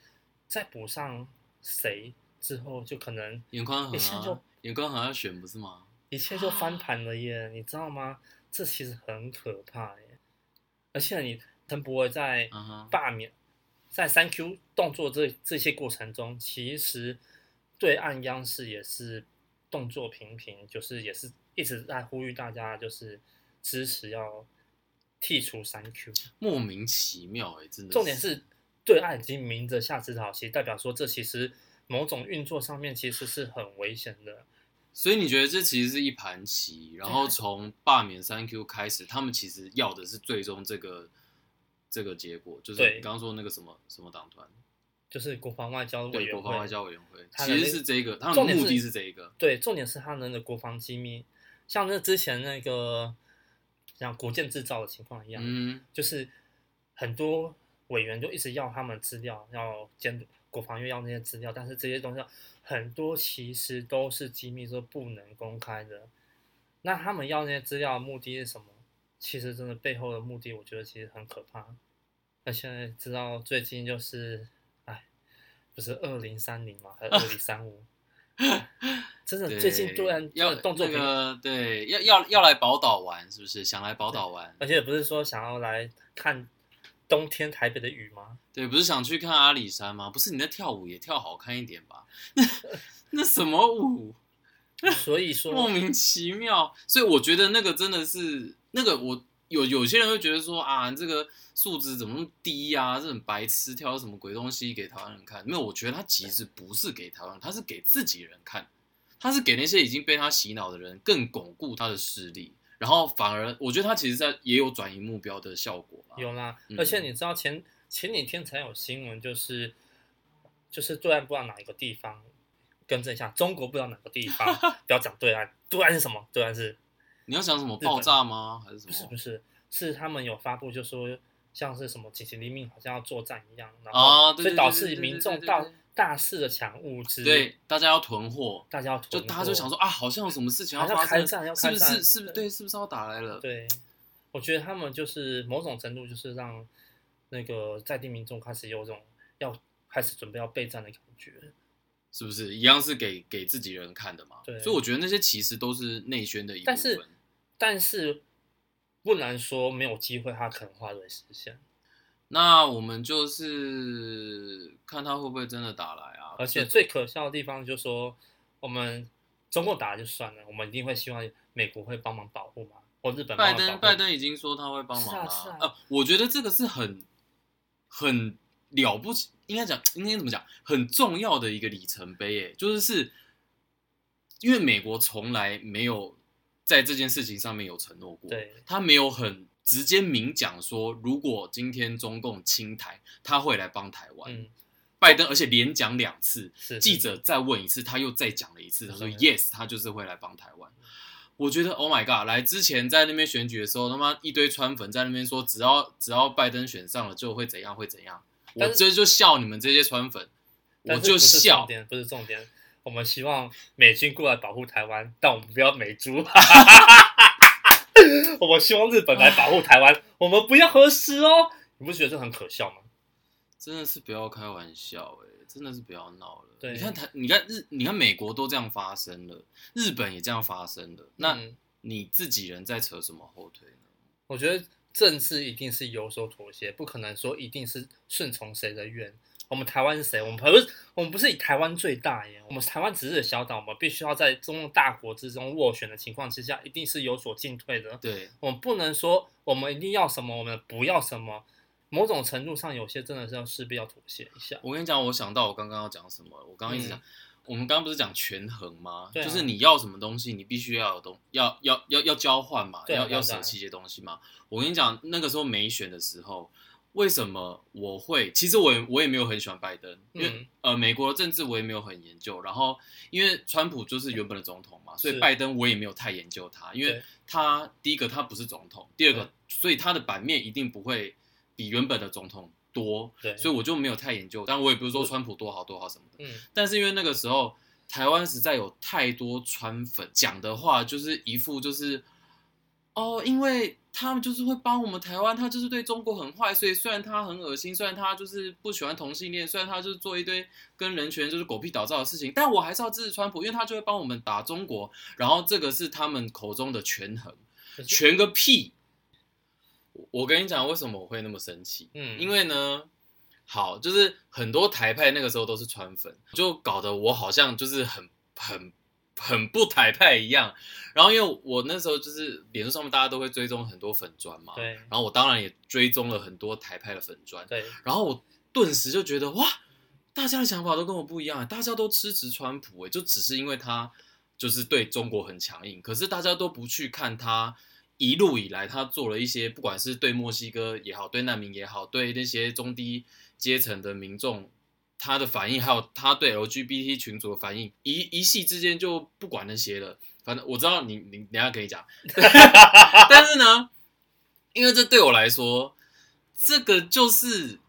再補上誰之後，就可能顏寬恆，一切就顏寬恆、啊、顏寬恆要選不是嗎？一切就翻盤了耶，啊、你知道嗎？這其實很可怕耶，而且你陳柏惟在罷免，uh huh. 在三 Q 動作這這些過程中，其實對岸央視也是動作頻頻，就是也是一直在呼籲大家就是支持要剔除三 Q，莫名其妙耶，真的。重點是對岸已經明着下指導棋，其實代表說，這其實某種運作上面其實是很危險的。所以你覺得這其實是一盤棋，然後從罷免 3Q 開始，對他們其實要的是最終這個這個結果，對就是你剛說那個什麼什麼黨團，就是國防外交委員會，國防外交委員會他能其實是這個，它的目的是，是，是這一個，對，重點是他們的國防機密，像那之前那個像國艦製造的情況一樣，嗯，就是很多委員就一直要他們資料要監督。國防又要那些資料，但是這些東西很多其實都是機密，就是不能公開的。那他們要那些資料的目的是什麼？其實真的背後的目的，我覺得其實很可怕。那現在知道最近就是，哎，不是二零三零嘛，還是二零三五？真的對最近突然要動作要、那個，對，要要要來寶島玩，嗯、是不是？想來寶島玩，而且不是說想要來看。冬天台北的雨嗎？對，不是想去看阿里山嗎？不是你那跳舞也跳好看一點吧？那那什麼舞？ 所以說 莫名其妙。所以我覺得那個真的是那個我有有些人會覺得說啊，這個素質怎麼那麼低呀、啊？這種白痴跳什麼鬼東西給台灣人看？沒有，我覺得他其實不是給台灣，對他是給自己人看，他是給那些已經被他洗腦的人更鞏固他的勢力。然後反而，我覺得他其實在也有轉移目標的效果。有啦，嗯、而且你知道前前幾天才有新聞，就是就是對岸不知道哪一個地方，更正一下，中國不知道哪個地方 不要講對岸，對岸是什麼？對岸是你要講什麼日本爆炸嗎？還是什麼？不是不是，是他們有發布，就說像是什麼緊急黎明，好像要作戰一樣，然後、啊、對對對對，所以導致民眾到。大肆的搶物資，對，大家要囤貨，大家要囤，就大家就想說啊，好像有什麼事情要，要開戰，要開戰是是，是不是？是不是？對，是不是要打來了？對，我覺得他們就是某種程度就是讓那個在地民眾開始有種要開始準備要備戰的感覺，是不是？一樣是給給自己人看的嘛。對，所以我覺得那些其實都是內宣的一樣，但是，但是不能說沒有機會，它可能化為實現。那我們就是看他會不會真的打來啊！而且最可笑的地方就是說，我們中國打就算了，我們一定會希望美國會幫忙保護嘛，或日本。拜登拜登已經說他會幫忙了，啊啊啊呃。我覺得這個是很很了不起，應該講應該怎麼講，很重要的一個里程碑。耶，就是是因為美國從來沒有在這件事情上面有承諾過，對他沒有很。直接明講說，如果今天中共侵台，他會來幫台灣。嗯、拜登，而且連講兩次，是是記者再問一次，他又再講了一次，是是是他說 Yes，他就是會來幫台灣。我覺得 Oh my God，來之前在那邊選舉的時候，他媽一堆川粉在那邊說，只要只要拜登選上了就會怎樣、嗯、會怎樣。但是我這就，就笑你們這些川粉，是是我就笑。重點不是重點，我們希望美軍過來保護台灣，但我們不要美豬。哈哈哈哈 我們希望日本來保護台灣，啊、我們不要核食哦。你不覺得這很可笑嗎？真的是不要開玩笑誒、欸，真的是不要鬧了。對你看台，你看日，你看美國都這樣發生了，日本也這樣發生了，那你自己人在扯什麼後腿呢、嗯？我覺得政治一定是有所妥協，不可能說一定是順從誰的願。我們台灣是誰？我們不是我們不是以台灣最大耶？我們是台灣只是小島嘛，我們必須要在中大國之中斡旋的情況之下，一定是有所進退的。對，我們不能說我們一定要什麼，我們不要什麼。某種程度上，有些真的是要勢必要妥協一下。我跟你講，我想到我剛剛要講什麼，我剛剛一直講，嗯、我們剛剛不是講權衡嗎？啊、就是你要什麼東西，你必須要有東西，要要要要交換嘛，對要然要舍棄一些東西嘛。我跟你講，那個時候沒選的時候。為什麼我會？其實我也我也沒有很喜歡拜登，因為、嗯、呃，美國的政治我也沒有很研究。然後因為川普就是原本的總統嘛，是所以拜登我也沒有太研究他，嗯、因為他對第一個他不是總統，第二個對所以他的版面一定不會比原本的總統多，對所以我就沒有太研究。但我也不是說川普多好多好什麼的，是嗯、但是因為那個時候台灣實在有太多川粉，講的話就是一副就是。哦，因為他們就是會幫我們台灣，他就是對中國很壞，所以雖然他很惡心，雖然他就是不喜歡同性戀，雖然他就是做一堆跟人權就是狗屁倒灶的事情，但我還是要支持川普，因為他就會幫我們打中國，然後這個是他們口中的權衡，權是個屁！我跟你講，為什麼我會那麼生氣？嗯，因為呢，好，就是很多台派那個時候都是川粉，就搞得我好像就是很很。很不台派一樣，然後因為我那時候就是，臉書上面大家都會追蹤很多粉專嘛，對，然後我當然也追蹤了很多台派的粉專，對，然後我頓時就覺得哇，大家的想法都跟我不一樣，大家都支持川普哎，就只是因為他就是對中國很強硬，可是大家都不去看他一路以來他做了一些，不管是對墨西哥也好，對難民也好，對那些中低階層的民眾。他的反應，還有他對 LGBT 群組的反應，一一系之間就不管那些了。反正我知道你，你等下可以講。 但是呢，因為這對我來說，這個就是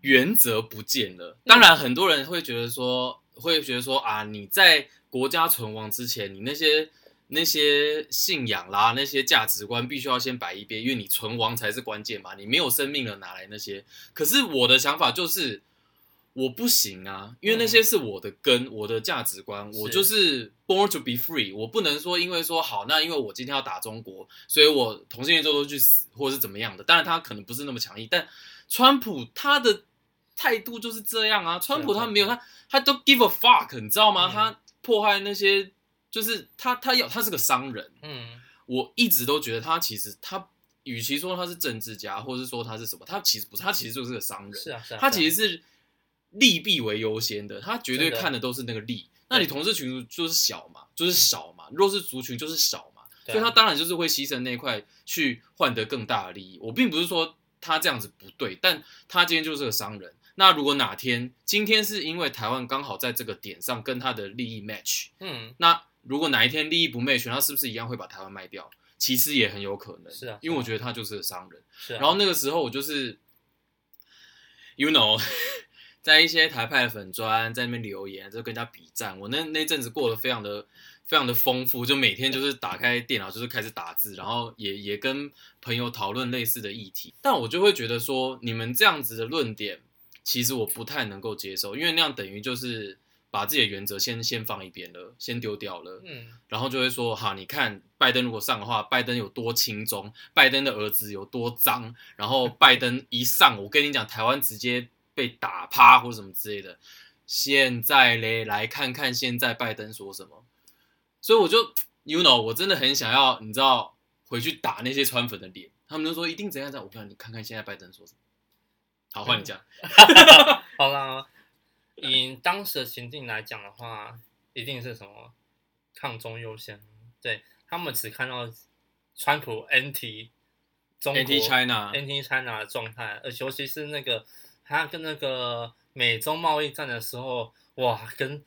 原則不見了。嗯。當然，很多人會覺得說，會覺得說啊，你在國家存亡之前，你那些那些信仰啦，那些價值觀必須要先擺一邊，因為你存亡才是關鍵嘛。你沒有生命了，哪來那些？可是我的想法就是。我不行啊，因為那些是我的根，嗯、我的價值觀，是我就是 born to be free。我不能說，因為說好，那因為我今天要打中國，所以我同性戀就都去死，或者是怎麼樣的。但是他可能不是那麼強硬，但川普他的態度就是這樣啊。川普他沒有他，啊、他都 give a fuck，你知道嗎？嗯、他迫害那些，就是他，他要他是個商人。嗯，我一直都覺得他其實他，與其說他是政治家，或者是說他是什麼，他其實不是，他其實就是個商人。是啊、是啊、是啊、他其實是，利弊為優先的，他絕對看的都是那個利。的那你同事群就是小嘛，對就是少嘛，弱勢族群就是少嘛，嗯、所以他當然就是會犧牲那一塊去換得更大的利益。啊、我並不是說他這樣子不對，但他今天就是個商人。那如果哪天今天是因為台灣剛好在這個點上跟他的利益 match，嗯，那如果哪一天利益不 match，他是不是一樣會把台灣賣掉？其實也很有可能，是、啊，因為我覺得他就是個商人。是、啊，然後那個時候我就是，you know。在一些台派的粉專、在那邊留言，就跟人家比贊，我那那陣子過得非常的非常的豐富，就每天就是打開電腦就是開始打字，然後也也跟朋友討論類似的議題。但我就會覺得說，你們這樣子的論點，其實我不太能夠接受，因為那樣等於就是把自己的原則先先放一邊了，先丟掉了。嗯，然後就會說，哈，你看拜登如果上的話，拜登有多親中，拜登的兒子有多髒，然後拜登一上，我跟你講，台灣直接。被打趴或什麼之類的。現在嘞，來看看現在拜登說什麼。所以我就，you know，我真的很想要，你知道，回去打那些川粉的臉。他們都說一定怎樣怎樣，我不想，你看看現在拜登說什麼。好，換對你講。 好啦。以當時的情境來講的話，一定是什麼抗中優先。對他們只看到川普 anti 中國，anti China，anti China 的狀態，而且尤其是那個。他跟那個美中貿易戰的時候，哇，跟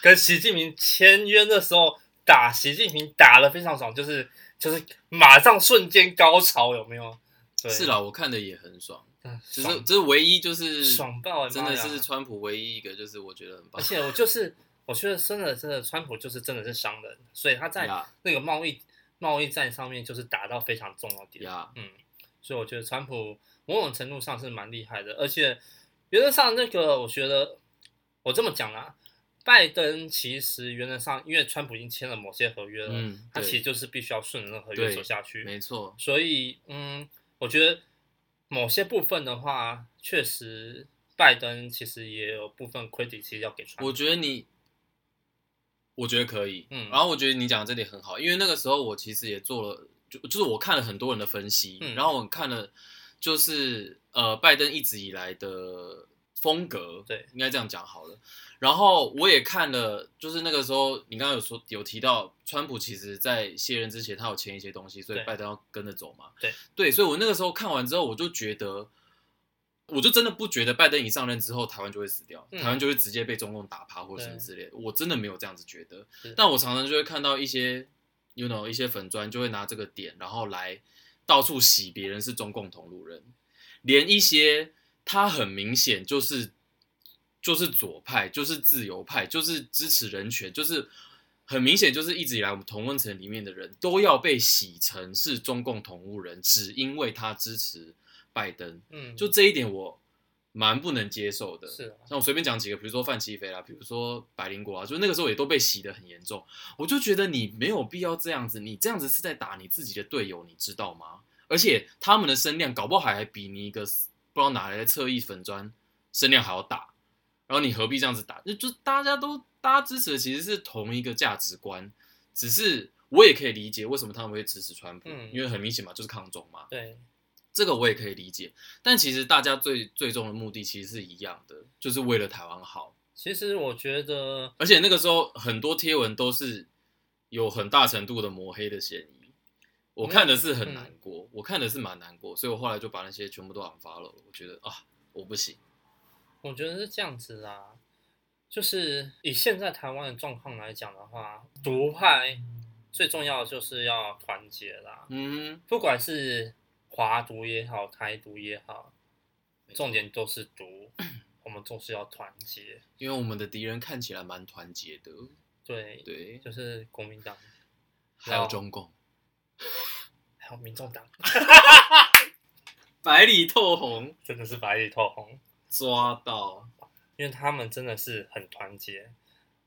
跟習近平簽約的時候打，打習近平打的非常爽，就是就是馬上瞬間高潮，有沒有？對，是啦，我看的也很爽。嗯爽，只是這唯一就是爽爆了、欸，真的是川普唯一一個就是我覺得很棒。而且我就是我覺得真的真的川普就是真的是商人，所以他在那個貿易 Yeah. 貿易戰上面就是打到非常重要的點。Yeah. 嗯，所以我覺得川普。某種程度上是蠻厲害的，而且原則上那個，我覺得我這麼講啊，拜登其實原則上，因為川普已經簽了某些合約了，嗯，他其實就是必須要順着合約走下去，沒錯。所以，嗯，我覺得某些部分的話，確實拜登其實也有部分 credit，其實要給出。我覺得你，我覺得可以，嗯。然後我覺得你講的這點很好，因為那個時候我其實也做了，就就是我看了很多人的分析，嗯，然後我看了。就是呃，拜登一直以來的風格，對，應該這樣講好了。然後我也看了，就是那個時候你剛剛有說有提到，川普其實在卸任之前，他有簽一些東西，所以拜登要跟着走嘛。對對，對，所以我那個時候看完之後，我就覺得，我就真的不覺得拜登一上任之後，台灣就會死掉，嗯、台灣就會直接被中共打趴或什麼之類的，對我真的沒有這樣子覺得。是但我常常就會看到一些，you know，一些粉專就會拿這個點，然後來。到處洗別人是中共同路人，連一些他很明顯就是就是左派，就是自由派，就是支持人權，就是很明顯就是一直以來我們同溫層裡面的人都要被洗成是中共同路人，只因為他支持拜登，嗯，就這一點我。蠻不能接受的，是、啊。像我隨便講幾個，比如說范琪斐啦，比如說百靈果啊，就那個時候也都被洗得很嚴重。我就覺得你沒有必要這樣子，你這樣子是在打你自己的隊友，你知道嗎？而且他們的聲量搞不好還比你一個不知道哪來的側翼粉專聲量還要大，然後你何必這樣子打？就就大家都大家支持的其實是同一個價值觀，只是我也可以理解為什麼他們會支持川普，嗯、因為很明顯嘛，對就是抗中嘛。對。這個我也可以理解，但其實大家最最終的目的其實是一樣的，就是為了台灣好。其實我覺得，而且那個時候很多貼文都是有很大程度的抹黑的嫌疑，我看的是很難過，嗯，我看的是蠻難過，所以我後來就把那些全部都轉發了。我覺得啊，我不行。我覺得是這樣子啊，就是以現在台灣的狀況來講的話，獨派最重要的就是要團結啦。嗯，不管是。華獨也好，台獨也好，重點都是獨。因為 我們就是要團結，因為我們的敵人看起來蠻團結的。對對，對就是國民黨，還有中共，還有民眾黨，白 裡透紅，真的是白裡透紅，抓到。因為他們真的是很團結。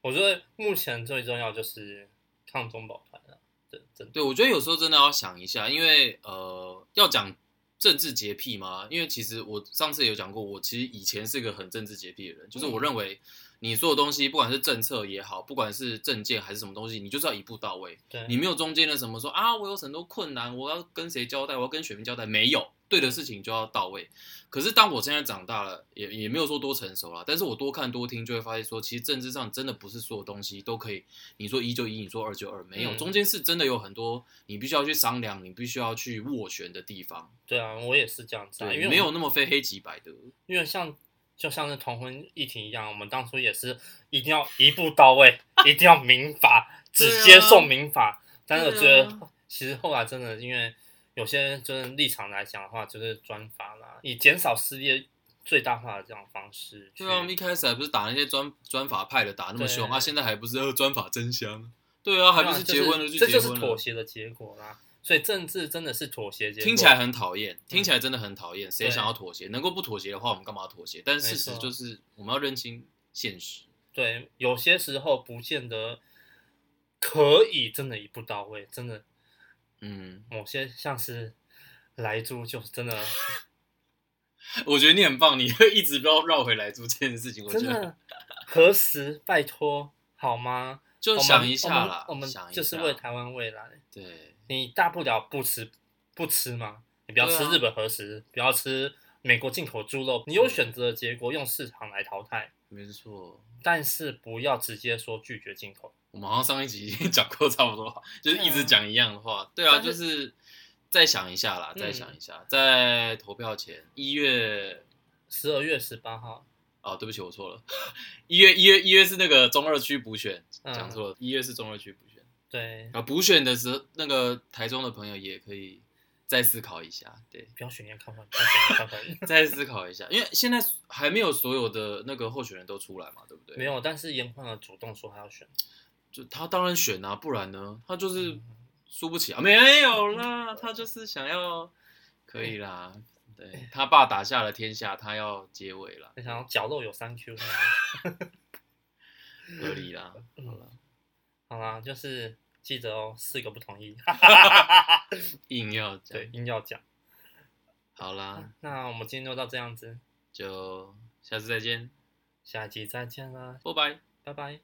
我覺得目前最重要就是抗中保台了。對，對，我覺得有時候真的要想一下，因為呃，要講政治潔癖嘛，因為其實我上次有講過，我其實以前是個很政治潔癖的人，就是我認為你做的東西，不管是政策也好，不管是政見還是什麼東西，你就是要一步到位，對你沒有中間的什麼說啊，我有很多困難，我要跟誰交代，我要跟選民交代，沒有。對的事情就要到位，可是當我現在長大了，也也沒有說多成熟了。但是，我多看多聽，就會發現說，其實政治上真的不是所有東西都可以，你說一就一，你說二就二，沒有、嗯、中間是真的有很多你必須要去商量，你必須要去斡旋的地方。對啊，我也是這樣子、啊，對因為沒有那麼非黑即白的。因為像就像是同婚議題一樣，我們當初也是一定要一步到位，啊、一定要民法只接受民法。但是我覺得，啊、其實後來真的因為。有些就是立場來講的話，就是專法啦，以減少撕裂、最大化的這種方式。對啊，我們一開始還不是打那些專專法派的打那麼凶，他對、啊、現在還不是要專法真香？對啊，對啊還不是結婚了就結婚了、就是、這就是妥協的結果啦。所以政治真的是妥協結果，聽起來很討厭，聽起來真的很討厭。嗯、誰想要妥協？能夠不妥協的話，我們幹嘛要妥協？但事實就是，我們要認清現實。對，有些時候不見得可以真的一步到位，真的。嗯，某些像是萊豬，就是真的。 我覺得你很棒，你會一直繞繞回萊豬這件事情，我覺得。核食？拜託，好嗎？就想一下啦。我們就是為台灣未來。對。你大不了不吃，不吃嘛，你不要吃日本核食，啊、不要吃美國進口豬肉。嗯、你有選擇的結果，用市場來淘汰。沒錯，但是不要直接說拒絕進口。我們好像上一集已經講過差不多，就是一直講一樣的話。嗯、對啊，是就是再想一下啦，再想一下，嗯、在投票前一月十二月十八號。哦，對不起，我錯了。一月一月一月是那個中二區補選，講錯、嗯、了。一月是中二區補選。對啊，補選的時候，那個台中的朋友也可以再思考一下，對，不要選顏寬恆， 再思考一下，因為現在還沒有所有的那個候選人都出來嘛，對不對？沒有，但是顏寬恆的主動說他要選，就他當然選啊，不然呢，他就是輸不起啊，嗯、沒有啦，他就是想要，嗯、可以啦，對，他爸打下了天下，他要接位了，他想要角落有三 Q，合 理啦，好了，嗯，好啦就是。記得哦，四個不同意， 硬要講，對，硬要講。好啦，那，那我們今天就到這樣子，就下次再見，下期再見啦，拜拜 bye，拜拜。